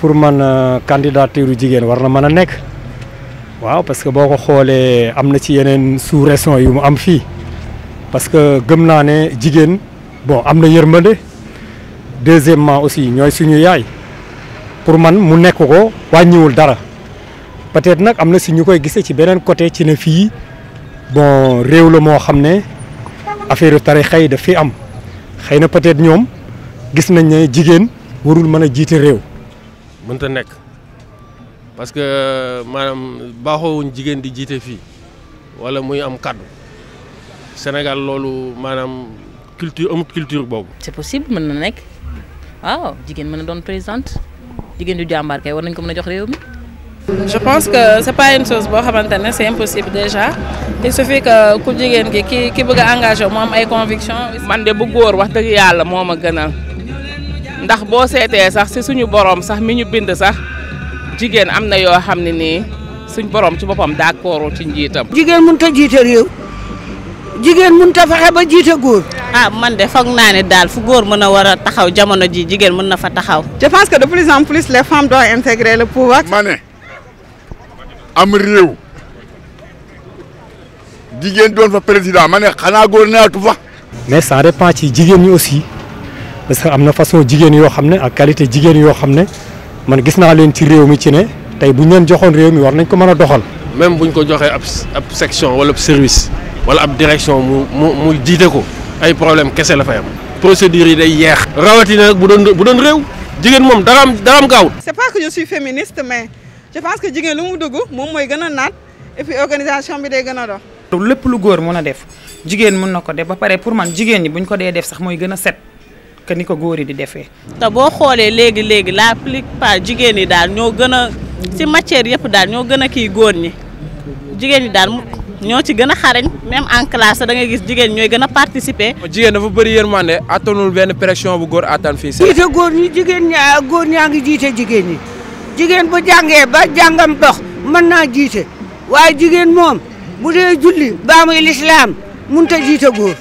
pour man euh, candidature jigéen war na mën a nekk waaw parce que boo ko xoolee am na ci yeneen sous-région yu mu am fii parce que gëm naa ne jigéen bon am na yërmande deuxièmement aussi ñooy suñu yaay pour man mu nekk ko wàññiwul dara peut-être nag am na si ñu koy gisee ci beneen côté ci ne fii bon réew la moo xam ne affaire tarixa yi daf fi am xëy na peut-être ñoom gis nañ ne jigéen warul mën a jiite réew mënta nekk parce que maanaam baaxoowuñ jigéen di jiite fii walla muy am kaddu Sénégal loolu maanaam culture amut culture boobu. c'est possible mën na nekk waaw jigéen mën na doon présidente jigéen di jàmbaar kay war nañ ko mën a jox réew mi. je pense que c'est pas une boo xamante ne c'est impossible déjà il suffit que ku jigéen ki ki bëgg a engagé mu am ay convictions. man de bu góor wax dëgg yàlla moo ma gënal. ndax bo sété sax ci suñu borom sax miñu bind sax jigen amna yo xamni ni ne suñ borom ci bopam d'accordo ci njitam jigen mën ta jité rew jigen mën ta faxe ba jité goor ah man de fakk naa dal fu goor mëna wara taxaw jamono ji jigen mën na fa taxaw. je pense que de plus en plus les femmes doivent intégrer le pouvoir. mané am rew jigen doon fa président mané xana goor góor naatu fa. mais ça dépend ci jigen ñi aussi. parce que amna façon jigen yo xam ak qualité jigen yo xam man gis na len ci réew mi ci ne tay buñu len joxone joxoon mi war nañ ko mën doxal. même buñ ko joxee ab ab section wala ab service wala ab direction mu mu jité ko ay problème kessé la fay am procédure yi day yéx rawati nag bu doon bu rew jigen mom dara am dara am gaawut. c'est pas que je suis féministe mais je pense que jigen lu mu dugg mom moy gëna nat et puis organisation bi day gëna a dox. lépp lu góor mëna def jigen mën nako def ba paré pour man jigen ni buñ ko dé def sax moy gëna a set. que ni ko góor yi di defee. te boo xoolee léegi léegi la plupart jigéen ñi daal ñoo gën a si matière yëpp daal ñoo gën a kii góor ni jigéen ñi daal ñoo ci gën a xarañ même en classe da ngay gis jigéen ñooy gën a participer. jigéen dafa bëri yërmande attanul benn pression bu góor attan fii. jiite góor ñi jigéen ñaa góor ñaa ngi jiite jigéen ñi jigéen bu jàngee ba jàngam dox mën naa jiite waaye jigéen moom bu dee julli baa muy lislaam mënut a jiite góor.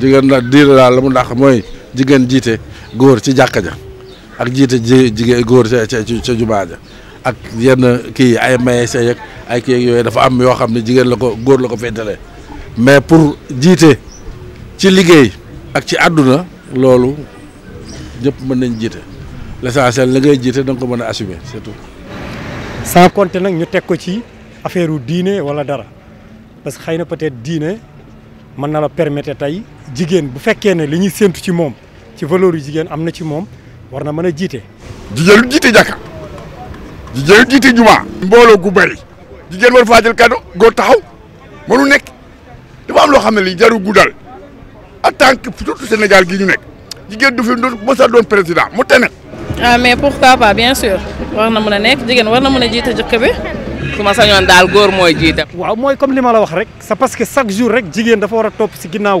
jigéen nag diir daal mu dàq mooy. jigéen jiite góor ci jàkka ja ak jiite jigéen góor ca ca jumaa ja ak yenn kii ay maye sa yëg ay kii yooyu dafa am yoo xam ne jigéen la ko góor la ko féetalee mais pour jiite ci liggéey ak ci àdduna loolu ñëpp mën nañ jiite l'essentiel la ngay jiite da nga ko mën a assumer c'est tout. sans compter nag ñu teg ko ci affaire diine wala dara parce que xëy na peut-être diine mën na la permettre tey. jigen bu fekkee ne li ñuy ci mom ci valeur yu jigéen am na ci moom war na mën a jiite. jigéenu jiite jàkka jigéenu jiite jumaa. mbooloo gu bari jigen war faa jël kàddu góor taxaw mënu nek dafa am lo xam ne li jaru gudal en tant que surtout Sénégal gi ñu nek jigen du fi doon mos sa doon président mu tenet ah mais pourquoi pas bien sûr warna na nek jigen warna jigéen jité na mën a jiite jëkk bi. su ma sañoon daal góor mooy waaw moy comme li la wax rek. c'est parce que chaque jour rek jigen dafa wara top ci si ginnaaw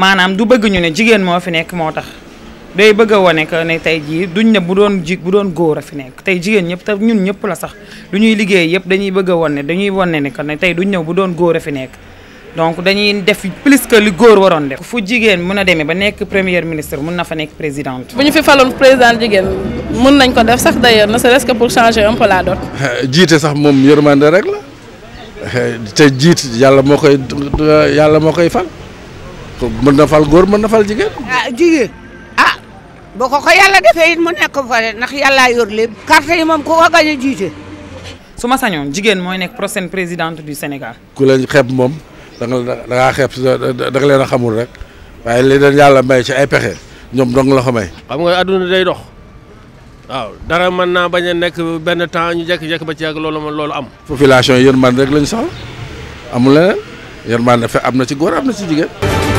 manam du bëgg ñu né jigen mo fi nek moo tax day bëgg a ko né tay ji duñ ne bu doon jig bu doon goor fi nek tay jigen ñep te ñun ñep la sax lu ñuy liggéey yep dañuy bëgg a dañuy wane né ko né tay duñ ñëw bu doon goor fi nek donc dañuy def plus que li goor waron def fu jigen mëna démé ba nek premier ministre mëna fa nek présidente buñu fi falon président jigen mën nañ ko def sax d'ailleurs ne serait-ce que pour changer un peu la dot jité sax mom yërmande rek la te jité yalla mo koy yalla mo koy fal ko mën na fal góor mën na fal jigéen ah jigéen ah boko ko yàlla defee it mu nekk fa de ndax yàllaa yor lépp carte yi moom ku ko gañ a jiite su ma sañoon jigéen mooy nekk prochaine présidente du Sénégal ku leen xeeb moom da nga da ngaa xeeb da nga leen xamul rek li may ci ay dong la ko xam nga aduna day dox waaw dara mën naa bañ a nekk temps ñu ba ci am population yërmande rek lañu soxla amul leneen yërmande fa am ci ci jigéen